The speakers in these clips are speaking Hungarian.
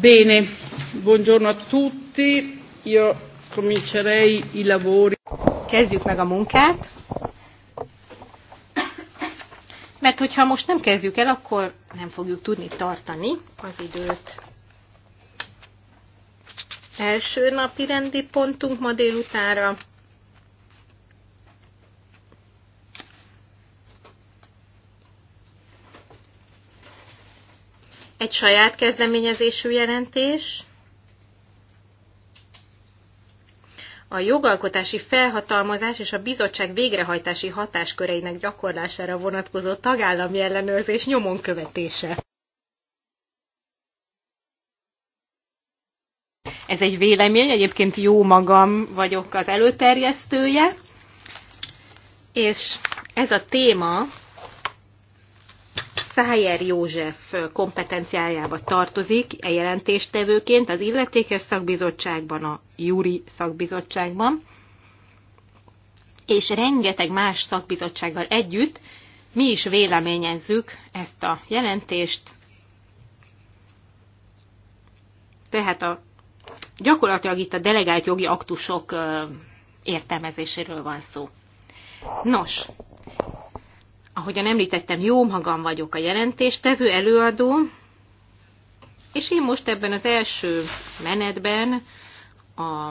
Bene, buongiorno a tutti. Io comincerei i lavori. Kezdjük meg a munkát. Mert hogyha most nem kezdjük el, akkor nem fogjuk tudni tartani az időt. Első napi rendi pontunk ma délutára egy saját kezdeményezésű jelentés, a jogalkotási felhatalmazás és a bizottság végrehajtási hatásköreinek gyakorlására vonatkozó tagállami ellenőrzés nyomon követése. Ez egy vélemény, egyébként jó magam vagyok az előterjesztője, és ez a téma Szájer József kompetenciájába tartozik, e jelentéstevőként az illetékes szakbizottságban, a Júri szakbizottságban, és rengeteg más szakbizottsággal együtt mi is véleményezzük ezt a jelentést. Tehát a, gyakorlatilag itt a delegált jogi aktusok értelmezéséről van szó. Nos, ahogyan említettem, jó magam vagyok a jelentéstevő, előadó, és én most ebben az első menetben a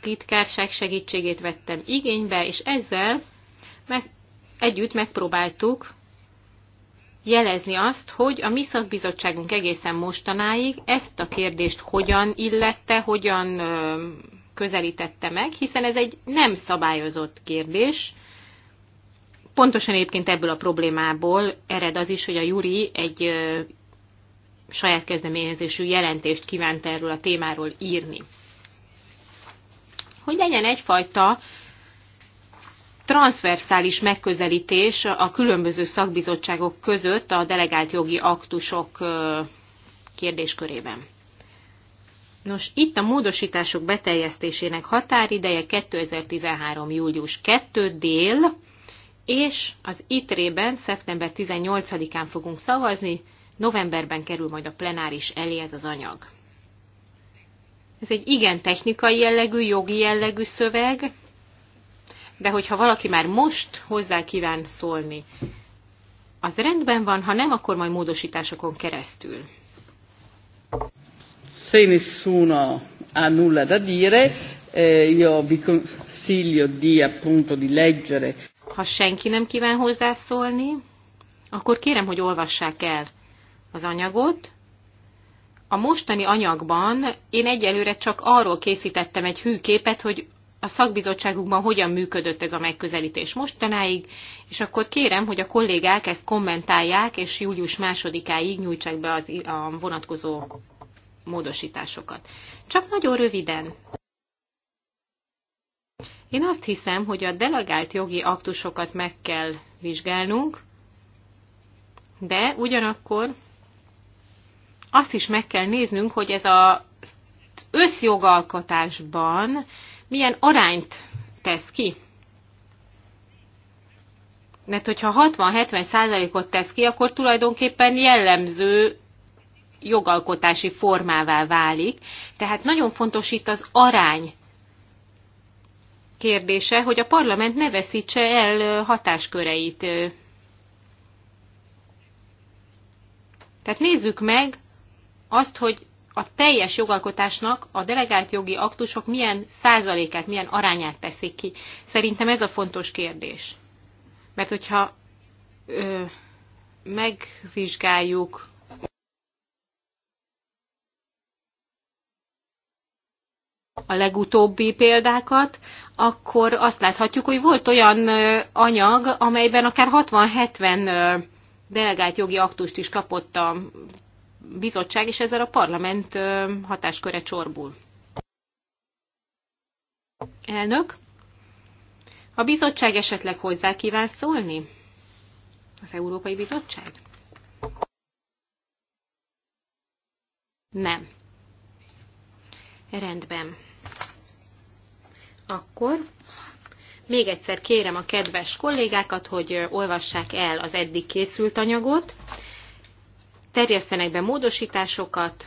titkárság segítségét vettem igénybe, és ezzel meg, együtt megpróbáltuk jelezni azt, hogy a mi szakbizottságunk egészen mostanáig ezt a kérdést hogyan illette, hogyan közelítette meg, hiszen ez egy nem szabályozott kérdés, Pontosan egyébként ebből a problémából ered az is, hogy a Juri egy saját kezdeményezésű jelentést kívánt erről a témáról írni. Hogy legyen egyfajta transzverszális megközelítés a különböző szakbizottságok között a delegált jogi aktusok kérdéskörében. Nos, itt a módosítások beteljesztésének határideje 2013. július 2 dél, és az ITRE-ben szeptember 18-án fogunk szavazni, novemberben kerül majd a plenáris elé ez az anyag. Ez egy igen technikai jellegű, jogi jellegű szöveg, de hogyha valaki már most hozzá kíván szólni, az rendben van, ha nem, akkor majd módosításokon keresztül. Se nessuno ha nulla da dire, eh, io vi consiglio di appunto di leggere. Ha senki nem kíván hozzászólni, akkor kérem, hogy olvassák el az anyagot. A mostani anyagban én egyelőre csak arról készítettem egy hűképet, hogy a szakbizottságunkban hogyan működött ez a megközelítés mostanáig, és akkor kérem, hogy a kollégák ezt kommentálják, és július másodikáig nyújtsák be az, a vonatkozó módosításokat. Csak nagyon röviden. Én azt hiszem, hogy a delegált jogi aktusokat meg kell vizsgálnunk, de ugyanakkor azt is meg kell néznünk, hogy ez az összjogalkotásban milyen arányt tesz ki. Mert hogyha 60-70 százalékot tesz ki, akkor tulajdonképpen jellemző jogalkotási formává válik. Tehát nagyon fontos itt az arány kérdése, hogy a parlament ne veszítse el hatásköreit. Tehát nézzük meg azt, hogy a teljes jogalkotásnak a delegált jogi aktusok milyen százalékát, milyen arányát teszik ki. Szerintem ez a fontos kérdés. Mert hogyha ö, megvizsgáljuk a legutóbbi példákat, akkor azt láthatjuk, hogy volt olyan anyag, amelyben akár 60-70 delegált jogi aktust is kapott a bizottság, és ezzel a parlament hatásköre csorbul. Elnök, a bizottság esetleg hozzá kíván szólni? Az Európai Bizottság? Nem. Rendben. Akkor még egyszer kérem a kedves kollégákat, hogy olvassák el az eddig készült anyagot, terjesztenek be módosításokat.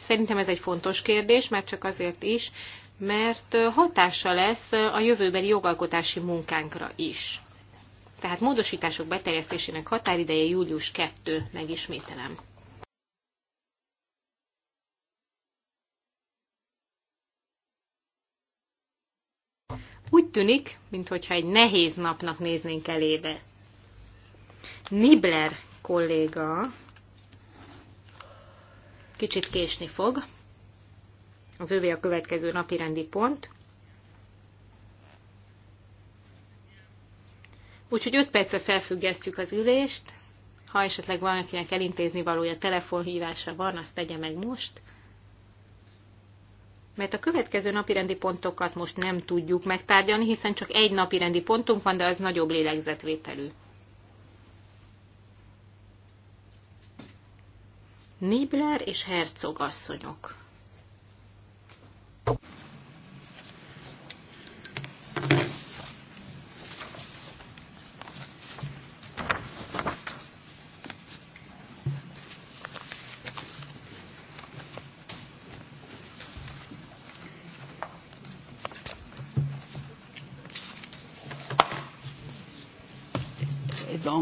Szerintem ez egy fontos kérdés, már csak azért is, mert hatása lesz a jövőbeli jogalkotási munkánkra is. Tehát módosítások beterjesztésének határideje július 2, megismételem. Úgy tűnik, mintha egy nehéz napnak néznénk elébe. Nibler kolléga kicsit késni fog. Az ővé a következő napi rendi pont. Úgyhogy 5 percre felfüggesztjük az ülést. Ha esetleg valakinek elintézni valója telefonhívásra van, azt tegye meg most mert a következő napirendi pontokat most nem tudjuk megtárgyalni, hiszen csak egy napirendi pontunk van, de az nagyobb lélegzetvételű. Nibler és Herzog asszonyok.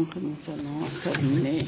donc nous allons terminer.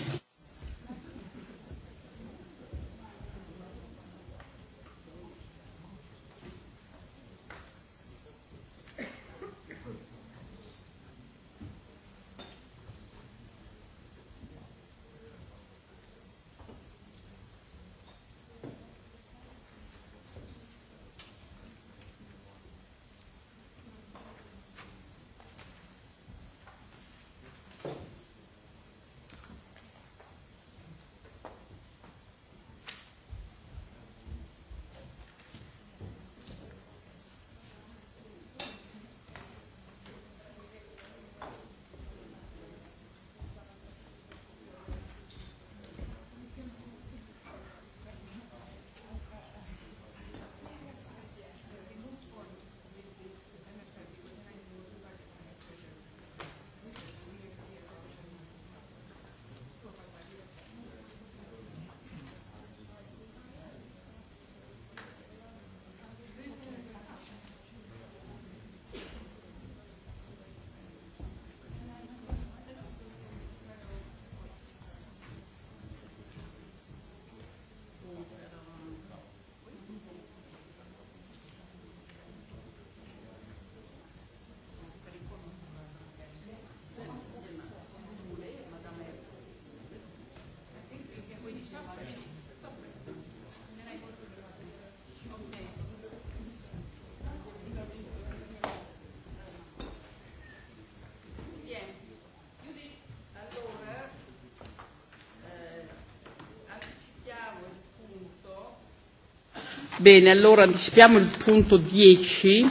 Bene, allora anticipiamo il punto 10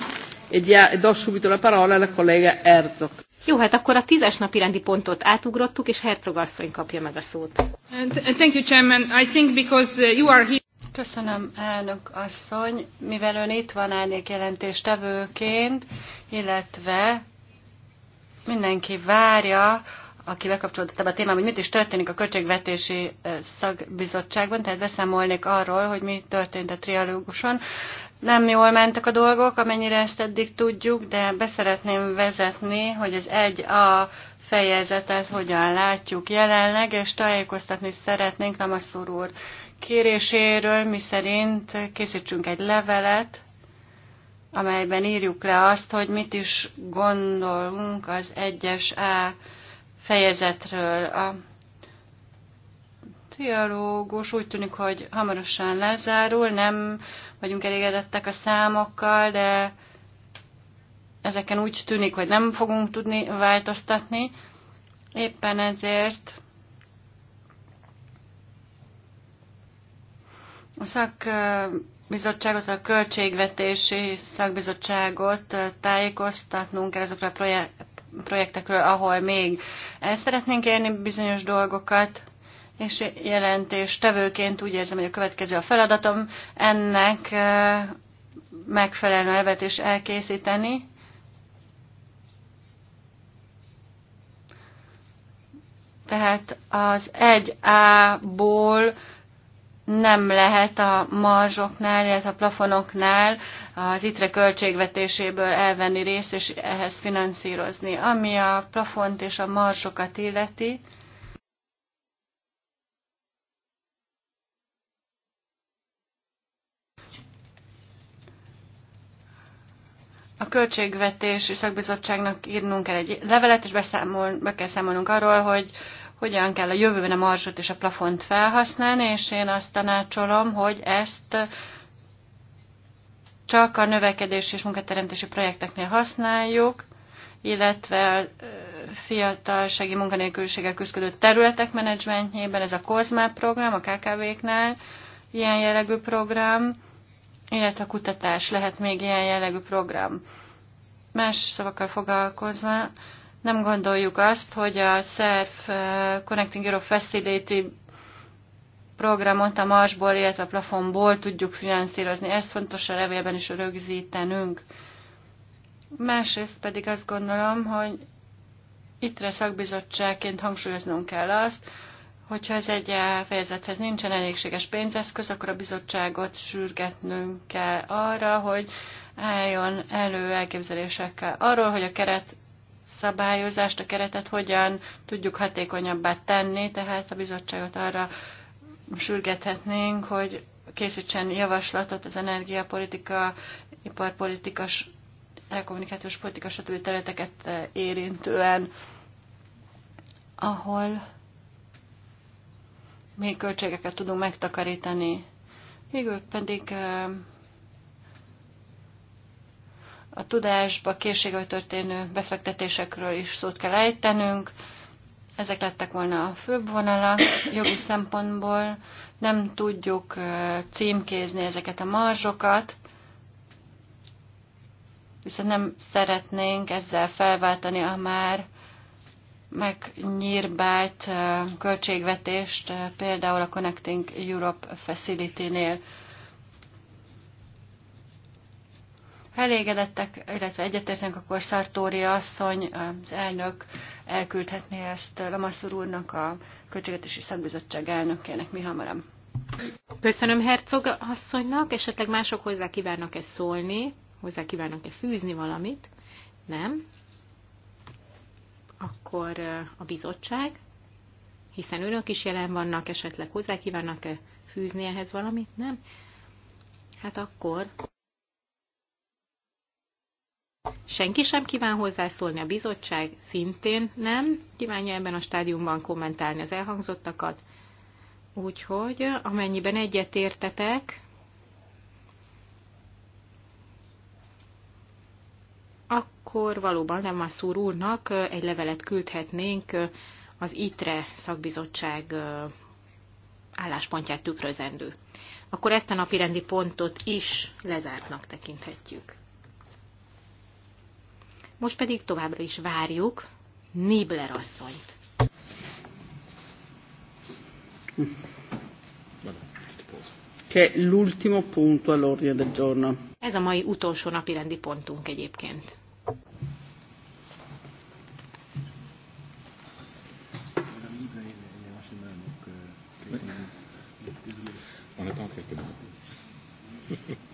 e, e do subito la parola alla collega Herzog. Jó, hát akkor a tízes napi rendi pontot átugrottuk, és Herzog asszony kapja meg a szót. Thank you, Chairman. I think because uh, you are here... Köszönöm, elnök asszony. Mivel ön itt van árnyék jelentéstevőként, illetve mindenki várja aki bekapcsolódott ebbe a témába, hogy mit is történik a Költségvetési Szakbizottságban, tehát beszámolnék arról, hogy mi történt a trialóguson. Nem jól mentek a dolgok, amennyire ezt eddig tudjuk, de beszeretném vezetni, hogy az egy a fejezetet hogyan látjuk jelenleg, és tájékoztatni szeretnénk Lamaszúr úr kéréséről, mi szerint készítsünk egy levelet, amelyben írjuk le azt, hogy mit is gondolunk az egyes A fejezetről. A dialógus úgy tűnik, hogy hamarosan lezárul, nem vagyunk elégedettek a számokkal, de ezeken úgy tűnik, hogy nem fogunk tudni változtatni. Éppen ezért a szakbizottságot, a költségvetési szakbizottságot tájékoztatnunk kell azokra a projektekről, ahol még el szeretnénk érni bizonyos dolgokat, és jelentés tevőként úgy érzem, hogy a következő a feladatom ennek megfelelő elvet is elkészíteni. Tehát az 1A-ból nem lehet a marzsoknál, illetve a plafonoknál az ITRE költségvetéséből elvenni részt és ehhez finanszírozni. Ami a plafont és a marzsokat illeti, a költségvetési szakbizottságnak írnunk kell egy levelet, és beszámol, be kell számolnunk arról, hogy hogyan kell a jövőben a marzsot és a plafont felhasználni, és én azt tanácsolom, hogy ezt csak a növekedési és munkateremtési projekteknél használjuk, illetve fiatalsági munkanélküliséggel küzdő területek menedzsmentjében, ez a COSMA program, a KKV-knál ilyen jellegű program, illetve a kutatás lehet még ilyen jellegű program. Más szavakkal foglalkozva, nem gondoljuk azt, hogy a SZERF eh, Connecting Europe Facility programot a marsból, illetve a plafonból tudjuk finanszírozni. Ezt fontos a levélben is rögzítenünk. Másrészt pedig azt gondolom, hogy ittre szakbizottságként hangsúlyoznunk kell azt, hogyha ez egy fejezethez nincsen elégséges pénzeszköz, akkor a bizottságot sürgetnünk kell arra, hogy álljon elő elképzelésekkel arról, hogy a keret szabályozást, a keretet hogyan tudjuk hatékonyabbá tenni, tehát a bizottságot arra sürgethetnénk, hogy készítsen javaslatot az energiapolitika, iparpolitikas, telekommunikációs politika, stb. területeket eh, érintően, ahol még költségeket tudunk megtakarítani. Végül pedig eh, a tudásba, készségbe történő befektetésekről is szót kell ejtenünk. Ezek lettek volna a főbb vonalak. Jogi szempontból nem tudjuk címkézni ezeket a marzsokat, viszont nem szeretnénk ezzel felváltani a már megnyírbált költségvetést, például a Connecting Europe Facility-nél. elégedettek, illetve egyetértenek, akkor Szartóri asszony, az elnök elküldhetné ezt Lamaszur úrnak, a Költségvetési Szakbizottság elnökének mi hamarabb. Köszönöm Herzog asszonynak, esetleg mások hozzá kívánnak-e szólni, hozzá kívánnak-e fűzni valamit? Nem? Akkor a bizottság, hiszen önök is jelen vannak, esetleg hozzá kívánnak-e fűzni ehhez valamit? Nem? Hát akkor... Senki sem kíván hozzászólni, a bizottság szintén nem kívánja ebben a stádiumban kommentálni az elhangzottakat. Úgyhogy amennyiben egyetértetek, akkor valóban nem a szúr úrnak egy levelet küldhetnénk az ITRE szakbizottság álláspontját tükrözendő. Akkor ezt a napi rendi pontot is lezártnak tekinthetjük. Most pedig továbbra is várjuk Nibler asszonyt. Che l'ultimo punto all'ordine del giorno. Ez a mai utolsó napi rendi pontunk egyébként. Thank you.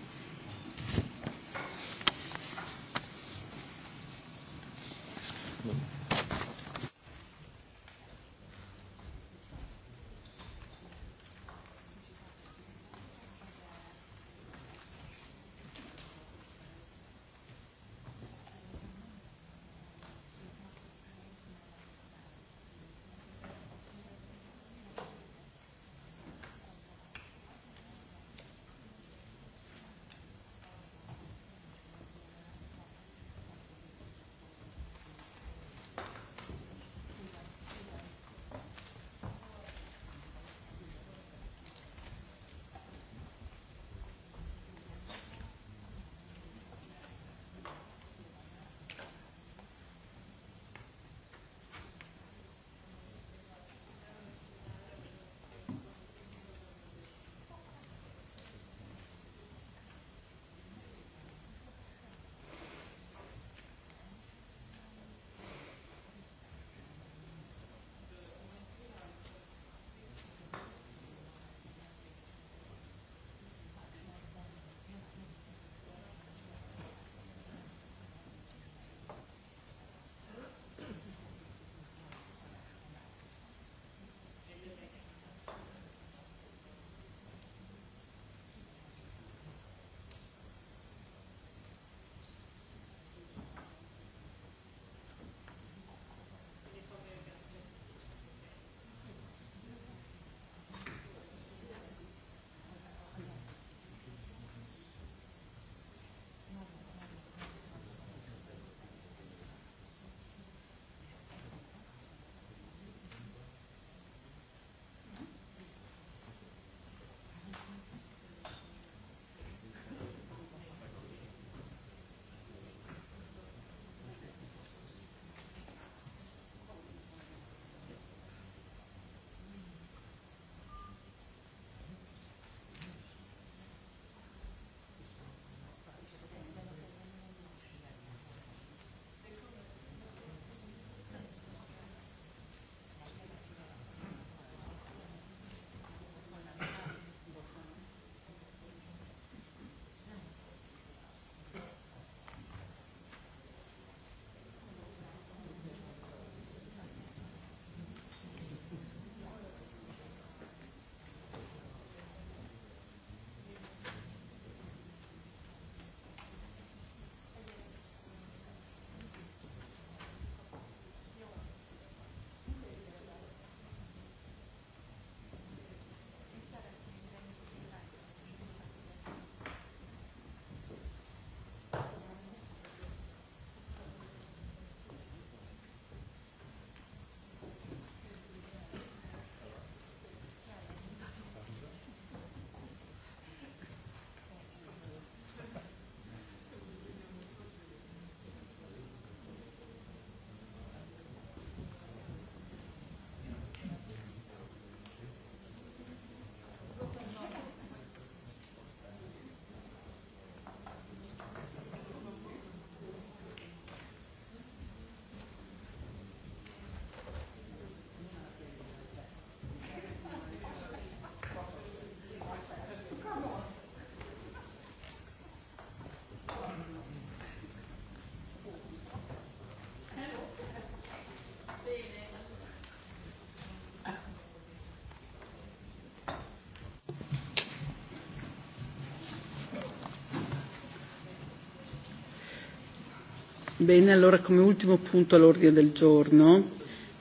Bene, allora come ultimo punto all'ordine del giorno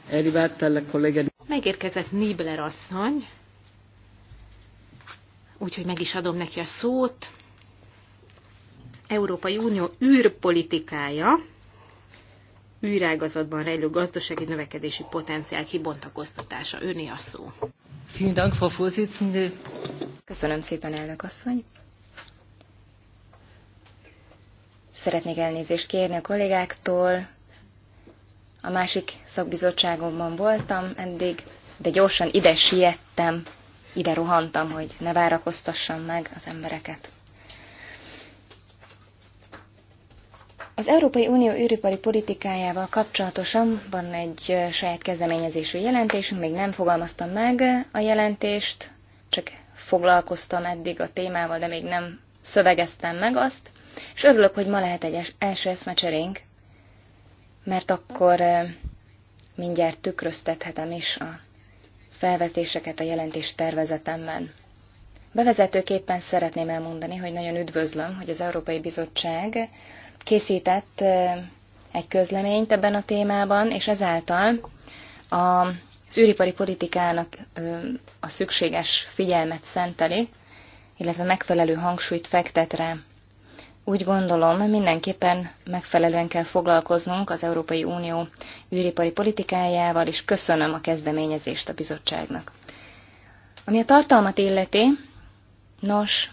è arrivata la collega... Megérkezett Nibler asszony, úgyhogy meg is adom neki a szót. Európai Unió űrpolitikája űrágazatban rejlő gazdasági növekedési potenciál kibontakoztatása. Öné a szó. Köszönöm szépen, elnök asszony. Szeretnék elnézést kérni a kollégáktól. A másik szakbizottságomban voltam eddig, de gyorsan ide siettem, ide rohantam, hogy ne várakoztassam meg az embereket. Az Európai Unió űripari politikájával kapcsolatosan van egy saját kezdeményezésű jelentésünk, még nem fogalmaztam meg a jelentést, csak foglalkoztam eddig a témával, de még nem szövegeztem meg azt és örülök, hogy ma lehet egy első eszmecserénk, mert akkor mindjárt tükröztethetem is a felvetéseket a jelentés tervezetemben. Bevezetőképpen szeretném elmondani, hogy nagyon üdvözlöm, hogy az Európai Bizottság készített egy közleményt ebben a témában, és ezáltal a az űripari politikának a szükséges figyelmet szenteli, illetve megfelelő hangsúlyt fektet rá úgy gondolom, mindenképpen megfelelően kell foglalkoznunk az Európai Unió űripari politikájával, és köszönöm a kezdeményezést a bizottságnak. Ami a tartalmat illeti, nos,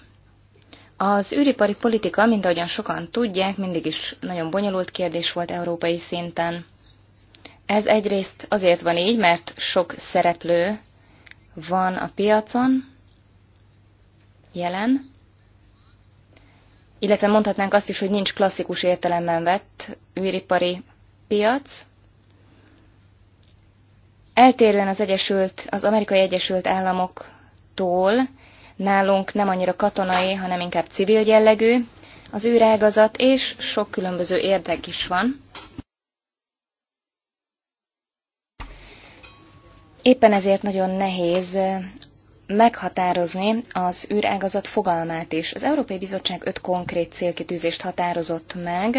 az űripari politika, mint ahogyan sokan tudják, mindig is nagyon bonyolult kérdés volt európai szinten. Ez egyrészt azért van így, mert sok szereplő van a piacon jelen, illetve mondhatnánk azt is, hogy nincs klasszikus értelemben vett űripari piac. Eltérően az, Egyesült, az amerikai Egyesült Államoktól nálunk nem annyira katonai, hanem inkább civil jellegű az űrágazat, és sok különböző érdek is van. Éppen ezért nagyon nehéz meghatározni az űrágazat fogalmát is. Az Európai Bizottság öt konkrét célkitűzést határozott meg,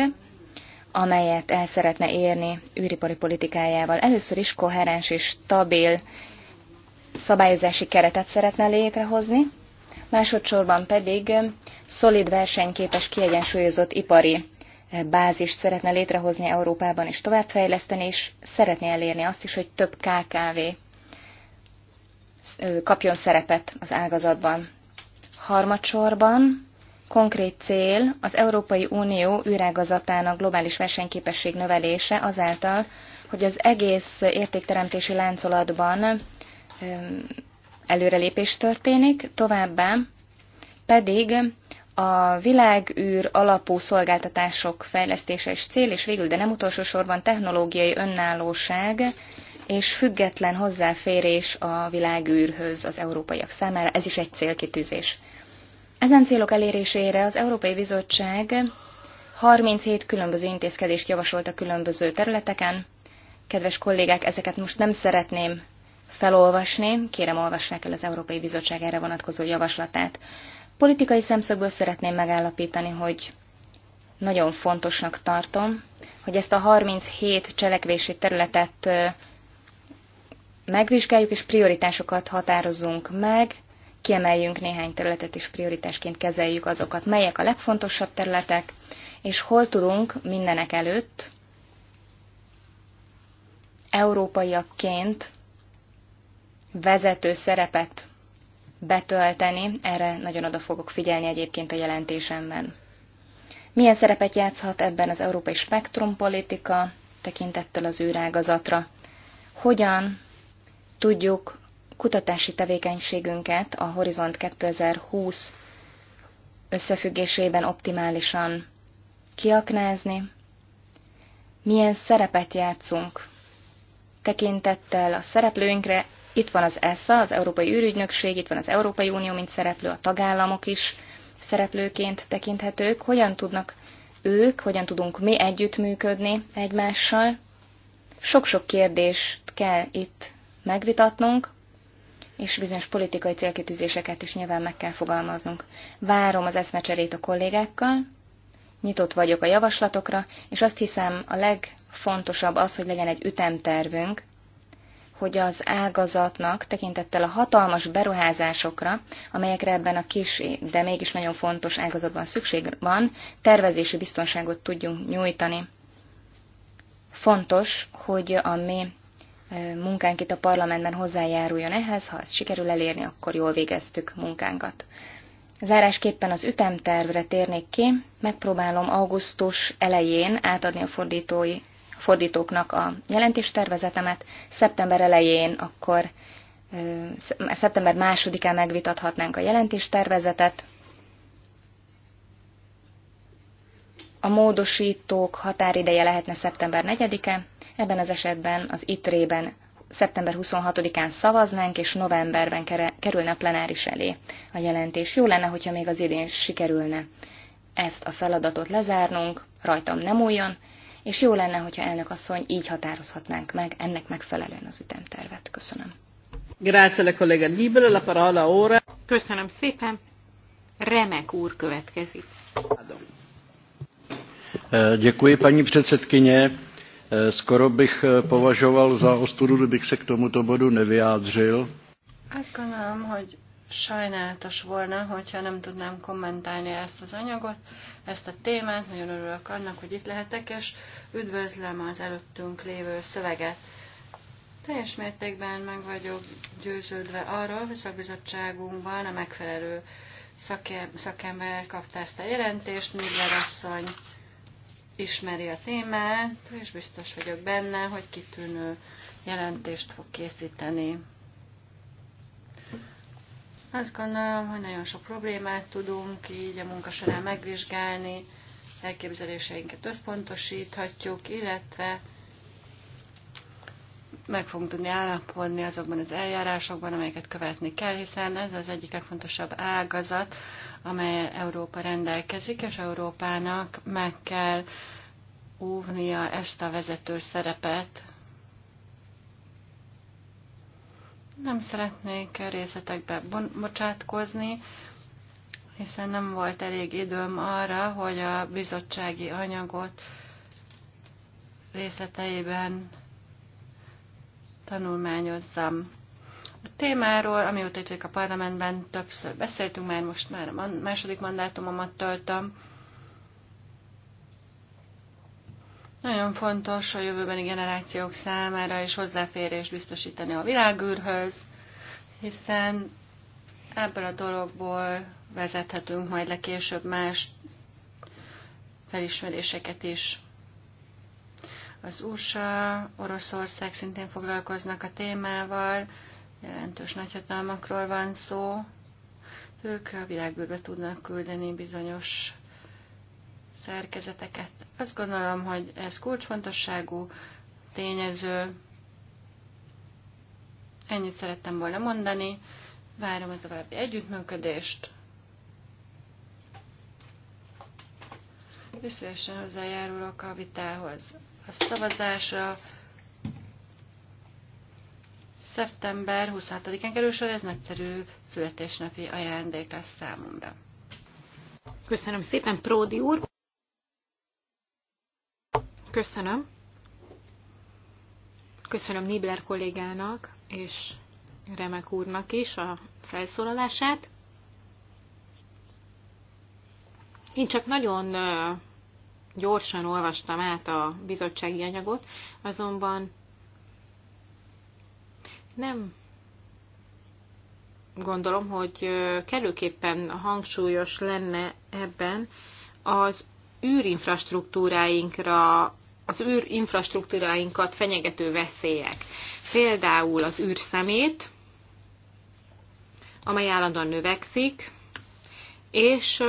amelyet el szeretne érni űripari politikájával. Először is koherens és stabil szabályozási keretet szeretne létrehozni, másodszorban pedig szolid versenyképes kiegyensúlyozott ipari bázist szeretne létrehozni Európában és továbbfejleszteni, és szeretné elérni azt is, hogy több KKV kapjon szerepet az ágazatban. Harmadsorban konkrét cél az Európai Unió űrágazatának globális versenyképesség növelése azáltal, hogy az egész értékteremtési láncolatban előrelépés történik, továbbá pedig a világűr alapú szolgáltatások fejlesztése is cél, és végül, de nem utolsó sorban technológiai önállóság és független hozzáférés a világűrhöz az európaiak számára, ez is egy célkitűzés. Ezen célok elérésére az Európai Bizottság 37 különböző intézkedést javasolt a különböző területeken. Kedves kollégák, ezeket most nem szeretném felolvasni, kérem olvassák el az Európai Bizottság erre vonatkozó javaslatát. Politikai szemszögből szeretném megállapítani, hogy nagyon fontosnak tartom, hogy ezt a 37 cselekvési területet megvizsgáljuk, és prioritásokat határozzunk meg, kiemeljünk néhány területet, és prioritásként kezeljük azokat, melyek a legfontosabb területek, és hol tudunk mindenek előtt európaiakként vezető szerepet betölteni, erre nagyon oda fogok figyelni egyébként a jelentésemben. Milyen szerepet játszhat ebben az európai spektrumpolitika tekintettel az űrágazatra? Hogyan tudjuk kutatási tevékenységünket a Horizont 2020 összefüggésében optimálisan kiaknázni, milyen szerepet játszunk tekintettel a szereplőinkre. Itt van az ESA, az Európai űrügynökség, itt van az Európai Unió, mint szereplő, a tagállamok is szereplőként tekinthetők. Hogyan tudnak ők, hogyan tudunk mi együttműködni egymással? Sok-sok kérdést kell itt megvitatnunk, és bizonyos politikai célkitűzéseket is nyilván meg kell fogalmaznunk. Várom az eszmecserét a kollégákkal, nyitott vagyok a javaslatokra, és azt hiszem a legfontosabb az, hogy legyen egy ütemtervünk, hogy az ágazatnak tekintettel a hatalmas beruházásokra, amelyekre ebben a kis, de mégis nagyon fontos ágazatban szükség van, tervezési biztonságot tudjunk nyújtani. Fontos, hogy a mi munkánk itt a parlamentben hozzájáruljon ehhez, ha ezt sikerül elérni, akkor jól végeztük munkánkat. Zárásképpen az ütemtervre térnék ki, megpróbálom augusztus elején átadni a fordítói, fordítóknak a jelentéstervezetemet, szeptember elején akkor szeptember másodikán megvitathatnánk a jelentéstervezetet. A módosítók határideje lehetne szeptember 4-e, Ebben az esetben az ITRE-ben szeptember 26-án szavaznánk, és novemberben kerülne a plenáris elé a jelentés. Jó lenne, hogyha még az idén sikerülne ezt a feladatot lezárnunk, rajtam nem újon, és jó lenne, hogyha elnök asszony így határozhatnánk meg ennek megfelelően az ütemtervet. Köszönöm. Grazie la collega Libero, la parola ora. Köszönöm szépen. Remek úr következik. Eh, děkuji, paní předsedkyně. Eh, skoro bych eh, považoval za ostudu, kdybych se k tomuto bodu nevyjádřil. Azt gondolom, hogy sajnálatos volna, hogyha nem tudnám kommentálni ezt az anyagot, ezt a témát. Nagyon örülök annak, hogy itt lehetek, és üdvözlöm az előttünk lévő szöveget. Teljes mértékben meg vagyok győződve arról, hogy szakbizottságunkban a megfelelő szakem, szakember kapta ezt a jelentést, Miller asszony ismeri a témát, és biztos vagyok benne, hogy kitűnő jelentést fog készíteni. Azt gondolom, hogy nagyon sok problémát tudunk így a munka során megvizsgálni, elképzeléseinket összpontosíthatjuk, illetve meg fogunk tudni állapodni azokban az eljárásokban, amelyeket követni kell, hiszen ez az egyik legfontosabb ágazat, amely Európa rendelkezik, és Európának meg kell óvnia ezt a vezető szerepet. Nem szeretnék részletekbe bocsátkozni, hiszen nem volt elég időm arra, hogy a bizottsági anyagot részleteiben tanulmányozzam. A témáról, amióta itt a parlamentben többször beszéltünk, már most már a második mandátumomat töltöm. Nagyon fontos a jövőbeni generációk számára is hozzáférés biztosítani a világűrhöz, hiszen ebből a dologból vezethetünk majd le később más felismeréseket is. Az USA, Oroszország szintén foglalkoznak a témával, jelentős nagyhatalmakról van szó. Ők a világűrbe tudnak küldeni bizonyos szerkezeteket. Azt gondolom, hogy ez kulcsfontosságú tényező. Ennyit szerettem volna mondani. Várom a további együttműködést. És szívesen hozzájárulok a vitához. A szavazásra Szeptember 26-án kerül sor, ez nagyszerű születésnapi ajándék lesz számomra. Köszönöm szépen, Pródi úr! Köszönöm. Köszönöm Nibler kollégának és Remek úrnak is a felszólalását. Én csak nagyon gyorsan olvastam át a bizottsági anyagot, azonban nem gondolom, hogy kellőképpen hangsúlyos lenne ebben az űrinfrastruktúráinkra, az űrinfrastruktúráinkat fenyegető veszélyek. Például az űrszemét, amely állandóan növekszik, és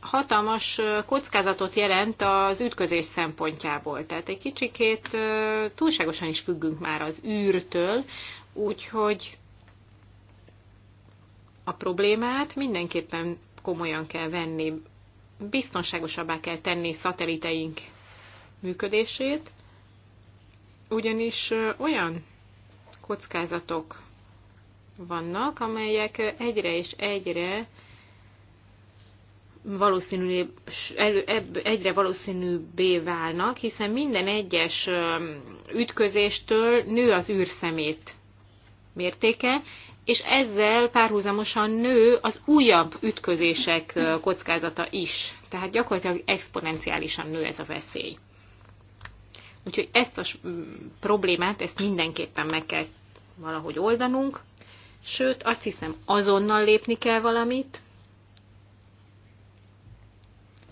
hatalmas kockázatot jelent az ütközés szempontjából. Tehát egy kicsikét túlságosan is függünk már az űrtől, Úgyhogy a problémát mindenképpen komolyan kell venni, biztonságosabbá kell tenni szateliteink működését, ugyanis olyan kockázatok vannak, amelyek egyre és egyre valószínűbb, egyre valószínűbbé válnak, hiszen minden egyes ütközéstől nő az űrszemét mértéke, és ezzel párhuzamosan nő az újabb ütközések kockázata is. Tehát gyakorlatilag exponenciálisan nő ez a veszély. Úgyhogy ezt a problémát, ezt mindenképpen meg kell valahogy oldanunk, sőt azt hiszem azonnal lépni kell valamit,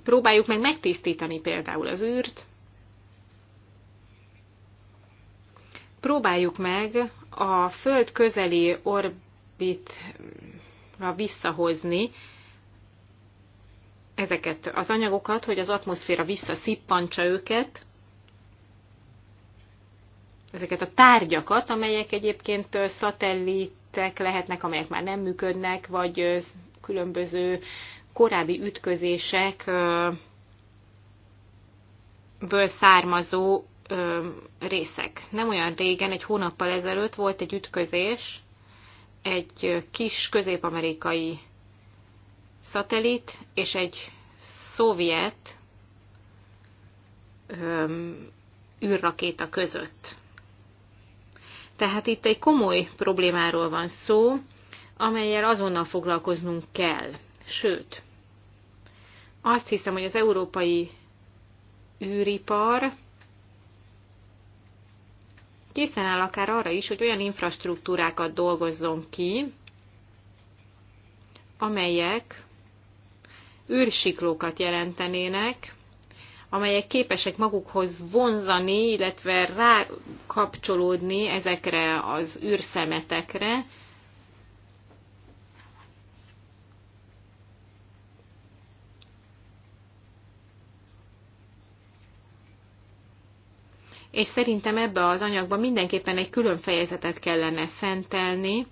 próbáljuk meg megtisztítani például az űrt, próbáljuk meg a Föld közeli orbitra visszahozni ezeket az anyagokat, hogy az atmoszféra visszaszippantsa őket, ezeket a tárgyakat, amelyek egyébként szatellitek lehetnek, amelyek már nem működnek, vagy különböző korábbi ütközések ből származó ö, részek. Nem olyan régen, egy hónappal ezelőtt volt egy ütközés, egy kis közép-amerikai szatellit és egy szovjet ö, űrrakéta között. Tehát itt egy komoly problémáról van szó, amelyel azonnal foglalkoznunk kell. Sőt, azt hiszem, hogy az európai űripar készen áll akár arra is, hogy olyan infrastruktúrákat dolgozzon ki, amelyek űrsiklókat jelentenének, amelyek képesek magukhoz vonzani, illetve rákapcsolódni ezekre az űrszemetekre, és szerintem ebbe az anyagba mindenképpen egy külön fejezetet kellene szentelni,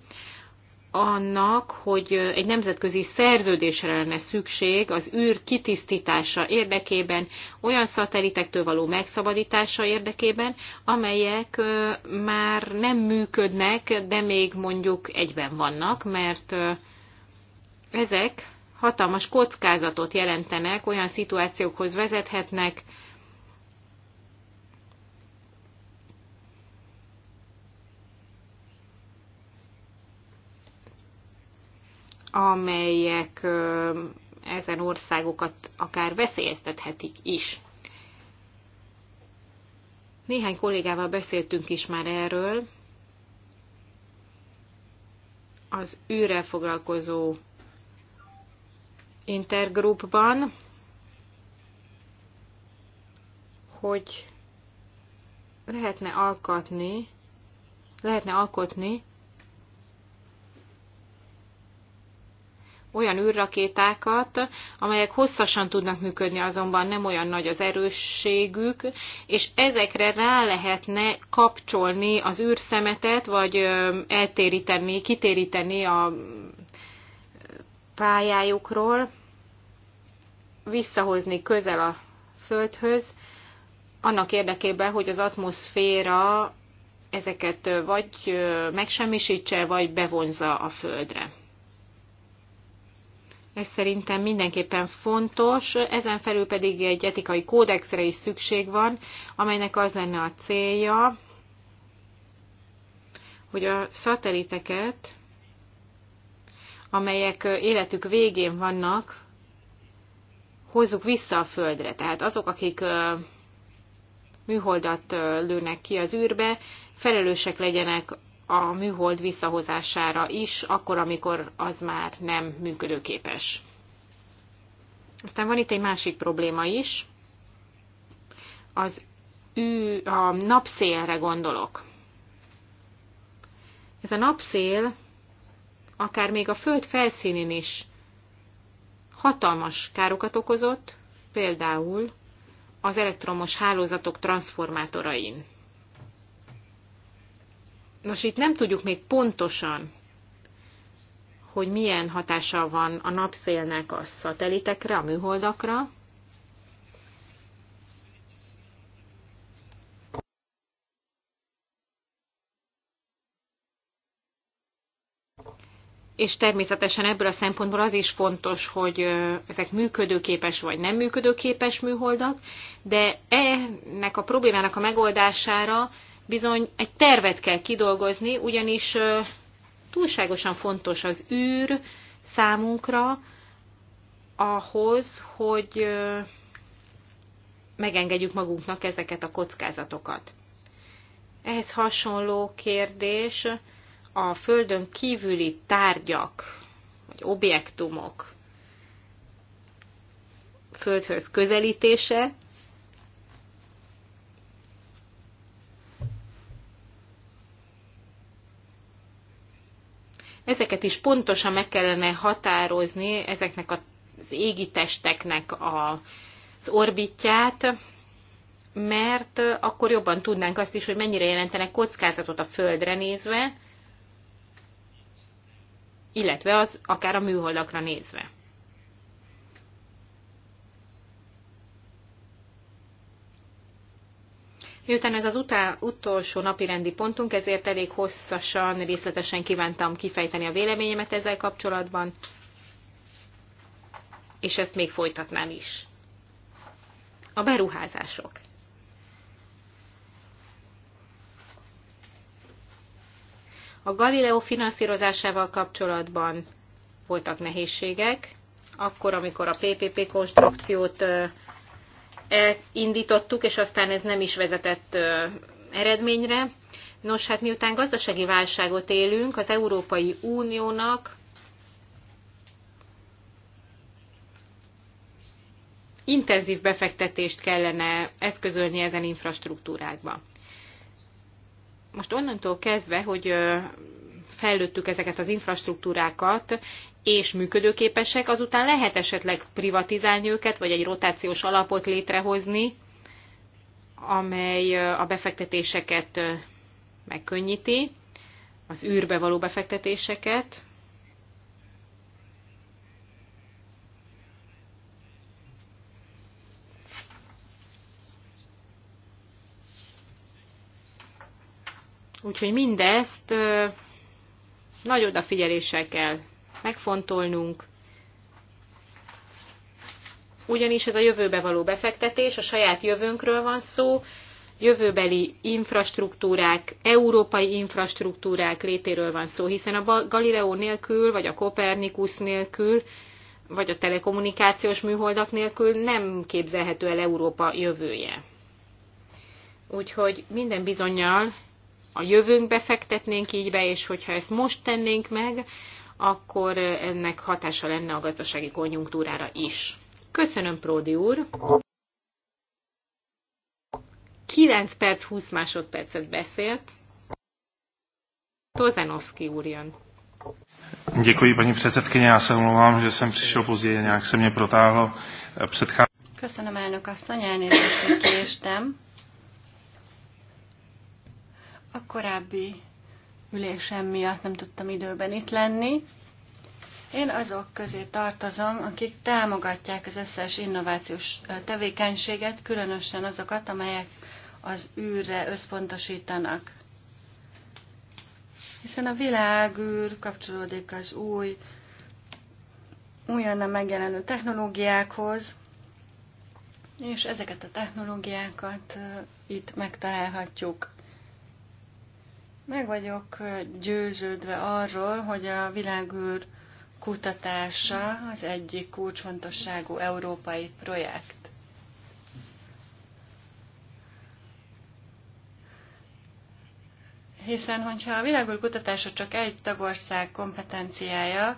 annak, hogy egy nemzetközi szerződésre lenne szükség az űr kitisztítása érdekében, olyan szatelitektől való megszabadítása érdekében, amelyek már nem működnek, de még mondjuk egyben vannak, mert ezek hatalmas kockázatot jelentenek, olyan szituációkhoz vezethetnek, amelyek ezen országokat akár veszélyeztethetik is. Néhány kollégával beszéltünk is már erről. Az űrrel foglalkozó intergrupban, hogy lehetne alkotni, lehetne alkotni olyan űrrakétákat, amelyek hosszasan tudnak működni, azonban nem olyan nagy az erősségük, és ezekre rá lehetne kapcsolni az űrszemetet, vagy eltéríteni, kitéríteni a pályájukról, visszahozni közel a Földhöz, annak érdekében, hogy az atmoszféra ezeket vagy megsemmisítse, vagy bevonza a Földre. Ez szerintem mindenképpen fontos, ezen felül pedig egy etikai kódexre is szükség van, amelynek az lenne a célja, hogy a szateliteket, amelyek életük végén vannak, hozzuk vissza a Földre. Tehát azok, akik műholdat lőnek ki az űrbe, felelősek legyenek a műhold visszahozására is, akkor, amikor az már nem működőképes. Aztán van itt egy másik probléma is, az ű, a napszélre gondolok. Ez a napszél akár még a föld felszínén is hatalmas károkat okozott, például az elektromos hálózatok transformátorain. Nos, itt nem tudjuk még pontosan, hogy milyen hatása van a napfélnek a szatelitekre, a műholdakra. És természetesen ebből a szempontból az is fontos, hogy ezek működőképes vagy nem működőképes műholdak, de ennek a problémának a megoldására bizony egy tervet kell kidolgozni, ugyanis túlságosan fontos az űr számunkra ahhoz, hogy megengedjük magunknak ezeket a kockázatokat. Ehhez hasonló kérdés a Földön kívüli tárgyak, vagy objektumok földhöz közelítése, Ezeket is pontosan meg kellene határozni, ezeknek az égi testeknek az orbitját, mert akkor jobban tudnánk azt is, hogy mennyire jelentenek kockázatot a Földre nézve, illetve az akár a műholdakra nézve. Miután ez az utá, utolsó napirendi pontunk, ezért elég hosszasan, részletesen kívántam kifejteni a véleményemet ezzel kapcsolatban, és ezt még folytatnám is. A beruházások. A Galileo finanszírozásával kapcsolatban voltak nehézségek, akkor, amikor a PPP konstrukciót indítottuk, és aztán ez nem is vezetett eredményre. Nos, hát miután gazdasági válságot élünk, az Európai Uniónak intenzív befektetést kellene eszközölni ezen infrastruktúrákba. Most onnantól kezdve, hogy fejlődtük ezeket az infrastruktúrákat, és működőképesek, azután lehet esetleg privatizálni őket, vagy egy rotációs alapot létrehozni, amely a befektetéseket megkönnyíti, az űrbe való befektetéseket. Úgyhogy mindezt nagy odafigyeléssel kell megfontolnunk, ugyanis ez a jövőbe való befektetés, a saját jövőnkről van szó, jövőbeli infrastruktúrák, európai infrastruktúrák létéről van szó, hiszen a Galileo nélkül, vagy a Kopernikus nélkül, vagy a telekommunikációs műholdak nélkül nem képzelhető el Európa jövője. Úgyhogy minden bizonyal a jövőnkbe fektetnénk így be, és hogyha ezt most tennénk meg, akkor ennek hatása lenne a gazdasági konjunktúrára is. Köszönöm, Pródi úr! 9 perc, 20 másodpercet beszélt. Tozanovski úr jön. Děkuji, paní předsedkyně. Já se omlouvám, že jsem přišel později, nějak se mě protáhlo předchází. Köszönöm, elnök asszony, elnézést, hogy késtem. A korábbi ülésem miatt nem tudtam időben itt lenni. Én azok közé tartozom, akik támogatják az összes innovációs tevékenységet, különösen azokat, amelyek az űrre összpontosítanak. Hiszen a világűr kapcsolódik az új, újonnan megjelenő technológiákhoz, és ezeket a technológiákat itt megtalálhatjuk. Meg vagyok győződve arról, hogy a világűr kutatása az egyik kulcsfontosságú európai projekt. Hiszen, hogyha a világűr kutatása csak egy tagország kompetenciája,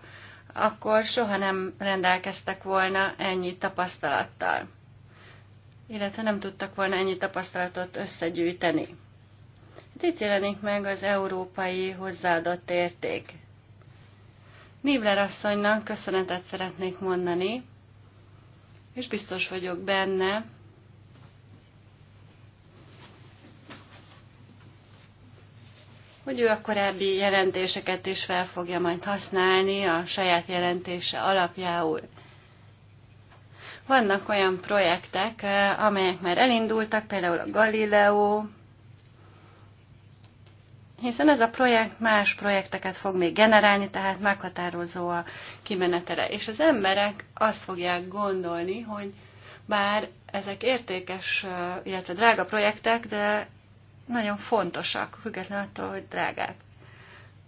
akkor soha nem rendelkeztek volna ennyi tapasztalattal, illetve nem tudtak volna ennyi tapasztalatot összegyűjteni. Hát itt jelenik meg az európai hozzáadott érték. Nibler asszonynak köszönetet szeretnék mondani, és biztos vagyok benne, hogy ő a korábbi jelentéseket is fel fogja majd használni a saját jelentése alapjául. Vannak olyan projektek, eh, amelyek már elindultak, például a Galileo, hiszen ez a projekt más projekteket fog még generálni, tehát meghatározó a kimenetele. És az emberek azt fogják gondolni, hogy bár ezek értékes, illetve drága projektek, de nagyon fontosak, függetlenül attól, hogy drágák.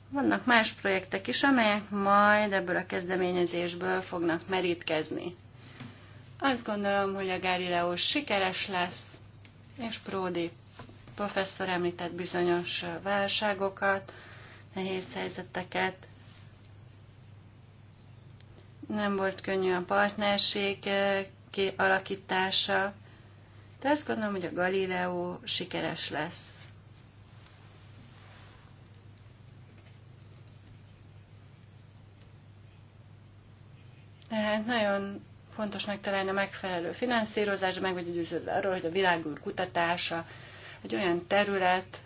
Vannak más projektek is, amelyek majd ebből a kezdeményezésből fognak merítkezni. Azt gondolom, hogy a Galileo sikeres lesz, és Pródi professzor említett bizonyos válságokat, nehéz helyzeteket. Nem volt könnyű a partnerség eh, kialakítása, de azt gondolom, hogy a Galileo sikeres lesz. Tehát nagyon fontos megtalálni a megfelelő finanszírozást, meg vagy győződve arról, hogy a világúr kutatása egy olyan terület,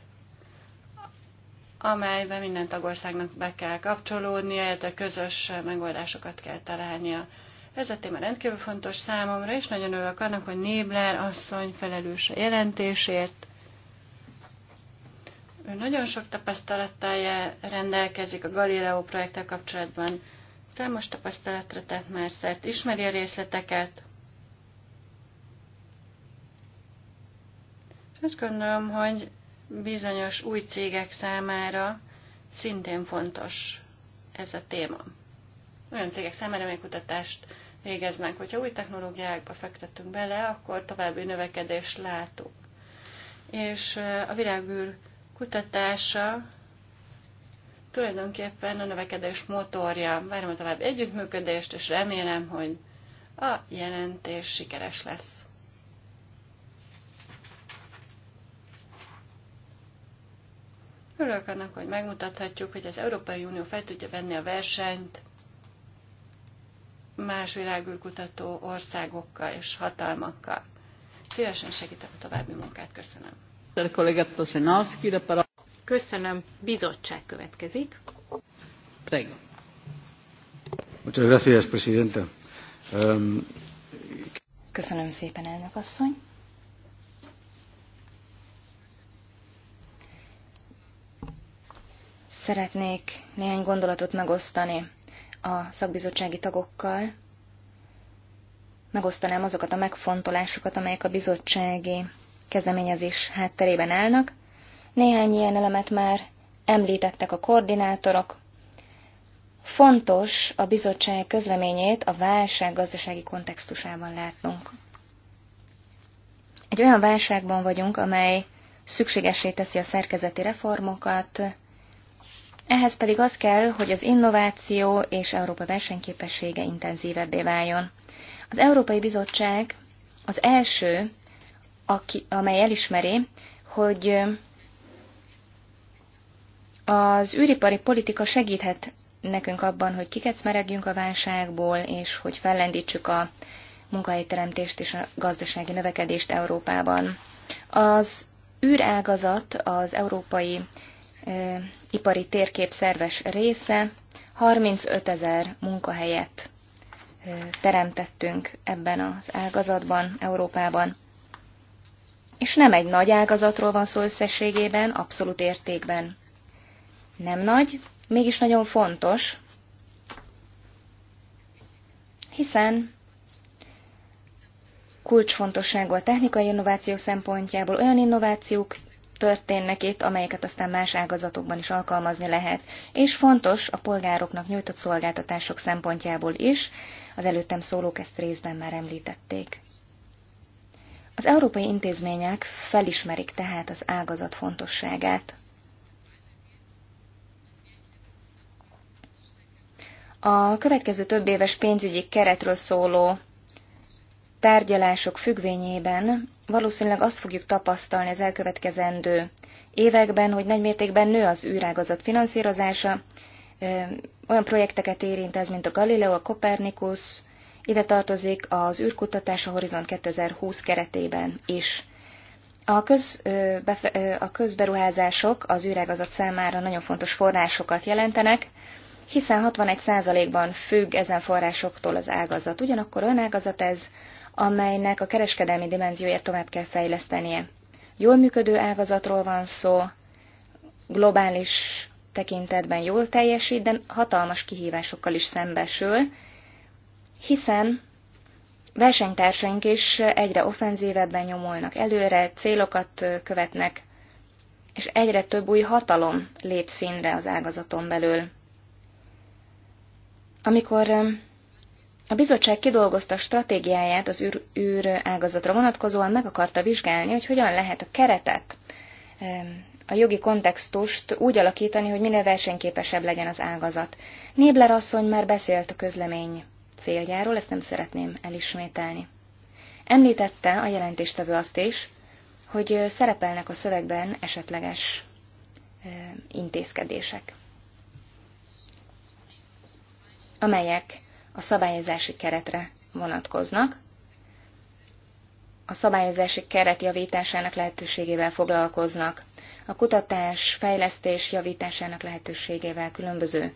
amelyben minden tagországnak be kell kapcsolódnia, illetve közös megoldásokat kell találnia. Ez a téma rendkívül fontos számomra, és nagyon örülök annak, hogy Nébler asszony felelős a jelentésért. Ő nagyon sok tapasztalattal rendelkezik a Galileo projekttel kapcsolatban. Számos tapasztalatra tett már szert, ismeri a részleteket, Azt gondolom, hogy bizonyos új cégek számára szintén fontos ez a téma. Olyan cégek számára, amelyek kutatást végeznek. Hogyha új technológiákba fektetünk bele, akkor további növekedést látunk. És a világűr kutatása tulajdonképpen a növekedés motorja. Várom a további együttműködést, és remélem, hogy a jelentés sikeres lesz. Örülök annak, hogy megmutathatjuk, hogy az Európai Unió fel tudja venni a versenyt más világűrkutató országokkal és hatalmakkal. Szívesen segítek a további munkát. Köszönöm. Köszönöm. Bizottság következik. Prego. Muchas gracias, Presidenta. Um... Köszönöm szépen, elnök asszony. Szeretnék néhány gondolatot megosztani a szakbizottsági tagokkal. Megosztanám azokat a megfontolásokat, amelyek a bizottsági kezdeményezés hátterében állnak. Néhány ilyen elemet már említettek a koordinátorok. Fontos a bizottság közleményét a válság gazdasági kontextusában látnunk. Egy olyan válságban vagyunk, amely szükségessé teszi a szerkezeti reformokat, ehhez pedig az kell, hogy az innováció és Európa versenyképessége intenzívebbé váljon. Az Európai Bizottság az első, aki, amely elismeri, hogy az űripari politika segíthet nekünk abban, hogy kikecmeregjünk a válságból, és hogy fellendítsük a munkahelyteremtést és a gazdasági növekedést Európában. Az űrágazat az európai ipari térkép szerves része, 35 ezer munkahelyet teremtettünk ebben az ágazatban, Európában. És nem egy nagy ágazatról van szó összességében, abszolút értékben. Nem nagy, mégis nagyon fontos, hiszen kulcsfontosságú a technikai innováció szempontjából olyan innovációk történnek itt, amelyeket aztán más ágazatokban is alkalmazni lehet, és fontos a polgároknak nyújtott szolgáltatások szempontjából is, az előttem szólók ezt részben már említették. Az európai intézmények felismerik tehát az ágazat fontosságát. A következő több éves pénzügyi keretről szóló tárgyalások függvényében valószínűleg azt fogjuk tapasztalni az elkövetkezendő években, hogy nagymértékben nő az űrágazat finanszírozása, olyan projekteket érint ez, mint a Galileo, a Copernicus, ide tartozik az űrkutatás a Horizont 2020 keretében is. A, köz, a közberuházások az űrágazat számára nagyon fontos forrásokat jelentenek, hiszen 61%-ban függ ezen forrásoktól az ágazat. Ugyanakkor önágazat ez, amelynek a kereskedelmi dimenzióját tovább kell fejlesztenie. Jól működő ágazatról van szó, globális tekintetben jól teljesít, de hatalmas kihívásokkal is szembesül, hiszen versenytársaink is egyre offenzívebben nyomulnak előre, célokat követnek, és egyre több új hatalom lép színre az ágazaton belül. Amikor a bizottság kidolgozta stratégiáját az űr, űr ágazatra vonatkozóan, meg akarta vizsgálni, hogy hogyan lehet a keretet, a jogi kontextust úgy alakítani, hogy minél versenyképesebb legyen az ágazat. Nébler asszony már beszélt a közlemény céljáról, ezt nem szeretném elismételni. Említette a jelentéstevő azt is, hogy szerepelnek a szövegben esetleges intézkedések, amelyek a szabályozási keretre vonatkoznak. A szabályozási keret javításának lehetőségével foglalkoznak, a kutatás, fejlesztés javításának lehetőségével különböző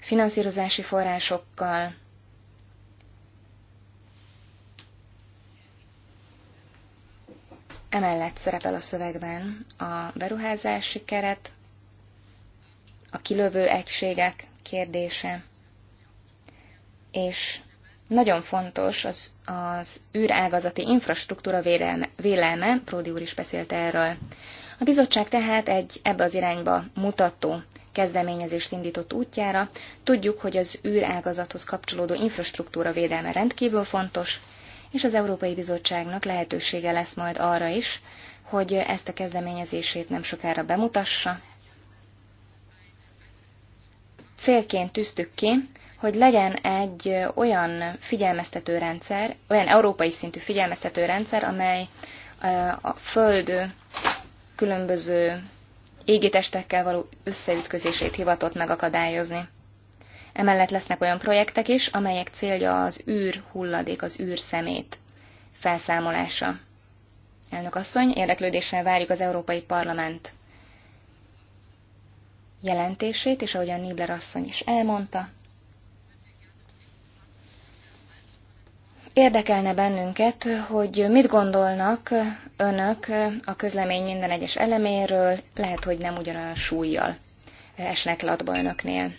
finanszírozási forrásokkal, Emellett szerepel a szövegben a beruházási keret, a kilövő egységek kérdése, és nagyon fontos az, az űrágazati infrastruktúra vélelme, vélelme, Pródi úr is beszélt erről. A bizottság tehát egy ebbe az irányba mutató kezdeményezést indított útjára. Tudjuk, hogy az űrágazathoz kapcsolódó infrastruktúra védelme rendkívül fontos, és az Európai Bizottságnak lehetősége lesz majd arra is, hogy ezt a kezdeményezését nem sokára bemutassa. Célként tűztük ki, hogy legyen egy olyan figyelmeztető rendszer, olyan európai szintű figyelmeztető rendszer, amely a Föld különböző égitestekkel való összeütközését hivatott megakadályozni. Emellett lesznek olyan projektek is, amelyek célja az űr hulladék, az űr szemét felszámolása. Elnök asszony, érdeklődéssel várjuk az Európai Parlament jelentését, és a Nibler asszony is elmondta, Érdekelne bennünket, hogy mit gondolnak önök a közlemény minden egyes eleméről, lehet, hogy nem ugyanolyan súlyjal esnek latba önöknél.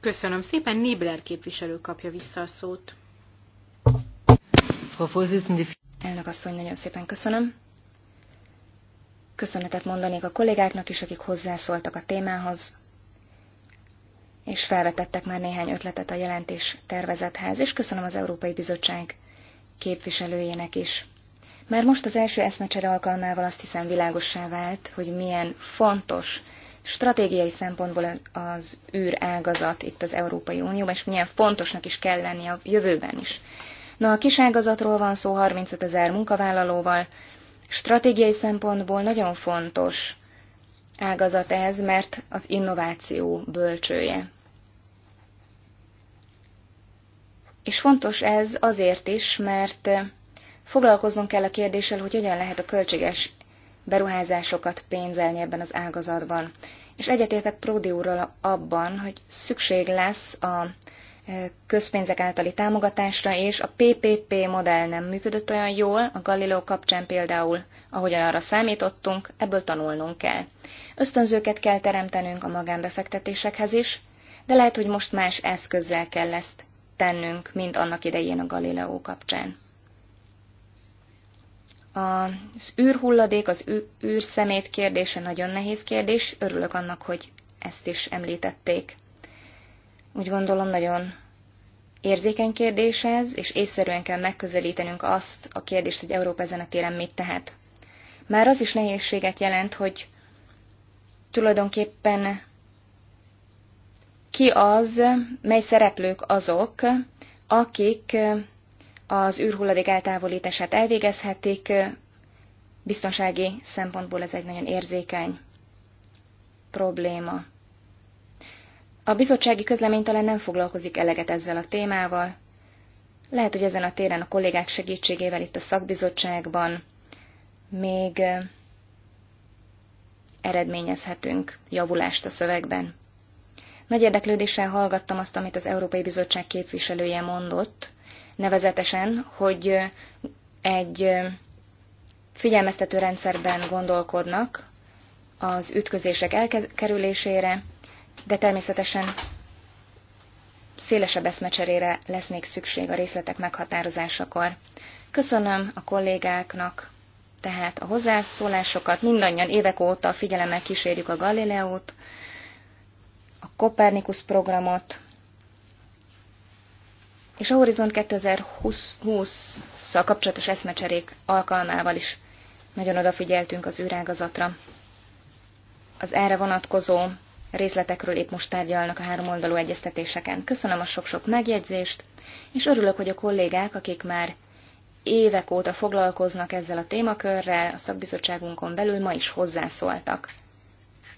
Köszönöm szépen, Nibler képviselő kapja vissza a szót. Elnök asszony, nagyon szépen köszönöm. Köszönetet mondanék a kollégáknak is, akik hozzászóltak a témához és felvetettek már néhány ötletet a jelentés tervezethez, és köszönöm az Európai Bizottság képviselőjének is. Már most az első eszmecsere alkalmával azt hiszem világossá vált, hogy milyen fontos stratégiai szempontból az űrágazat itt az Európai Unióban, és milyen fontosnak is kell lenni a jövőben is. Na, a kis ágazatról van szó 35 ezer munkavállalóval. Stratégiai szempontból nagyon fontos ágazat ez, mert az innováció bölcsője. És fontos ez azért is, mert eh, foglalkoznunk kell a kérdéssel, hogy hogyan lehet a költséges beruházásokat pénzelni ebben az ágazatban. És egyetértek Pródi úrral abban, hogy szükség lesz a eh, közpénzek általi támogatásra, és a PPP modell nem működött olyan jól, a Galileo kapcsán például, ahogyan arra számítottunk, ebből tanulnunk kell. Ösztönzőket kell teremtenünk a magánbefektetésekhez is, de lehet, hogy most más eszközzel kell ezt tennünk, mint annak idején a Galileó kapcsán. Az űrhulladék, az űrszemét kérdése nagyon nehéz kérdés, örülök annak, hogy ezt is említették. Úgy gondolom, nagyon érzékeny kérdés ez, és észszerűen kell megközelítenünk azt a kérdést, hogy Európa ezen a téren mit tehet. Már az is nehézséget jelent, hogy tulajdonképpen ki az, mely szereplők azok, akik az űrhulladék eltávolítását elvégezhetik. Biztonsági szempontból ez egy nagyon érzékeny probléma. A bizottsági közlemény talán nem foglalkozik eleget ezzel a témával. Lehet, hogy ezen a téren a kollégák segítségével itt a szakbizottságban még eh, eredményezhetünk javulást a szövegben. Nagy érdeklődéssel hallgattam azt, amit az Európai Bizottság képviselője mondott, nevezetesen, hogy egy figyelmeztető rendszerben gondolkodnak az ütközések elkerülésére, de természetesen szélesebb eszmecserére lesz még szükség a részletek meghatározásakor. Köszönöm a kollégáknak tehát a hozzászólásokat, mindannyian évek óta figyelemmel kísérjük a Galileót, a Kopernikus programot, és a Horizon 2020-szal kapcsolatos eszmecserék alkalmával is nagyon odafigyeltünk az űrágazatra. Az erre vonatkozó részletekről épp most tárgyalnak a három oldalú egyeztetéseken. Köszönöm a sok-sok megjegyzést, és örülök, hogy a kollégák, akik már évek óta foglalkoznak ezzel a témakörrel, a szakbizottságunkon belül ma is hozzászóltak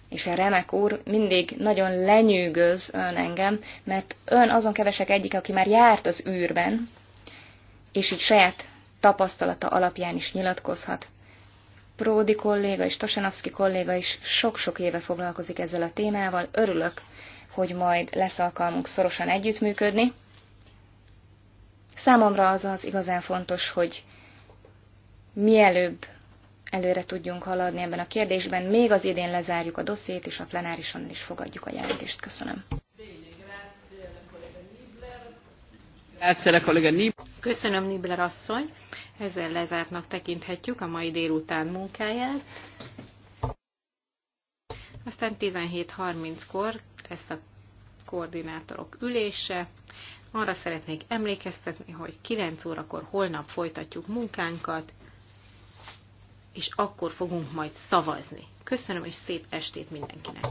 és a remek úr, mindig nagyon lenyűgöz ön engem, mert ön azon kevesek egyik, aki már járt az űrben, és így saját tapasztalata alapján is nyilatkozhat. Pródi kolléga és Tosanovszki kolléga is sok-sok éve foglalkozik ezzel a témával. Örülök, hogy majd lesz alkalmunk szorosan együttműködni. Számomra az az igazán fontos, hogy mielőbb előre tudjunk haladni ebben a kérdésben. Még az idén lezárjuk a dossziét, és a plenárison is fogadjuk a jelentést. Köszönöm. Köszönöm, Nibler asszony. Ezzel lezártnak tekinthetjük a mai délután munkáját. Aztán 17.30-kor lesz a koordinátorok ülése. Arra szeretnék emlékeztetni, hogy 9 órakor holnap folytatjuk munkánkat és akkor fogunk majd szavazni. Köszönöm, és szép estét mindenkinek!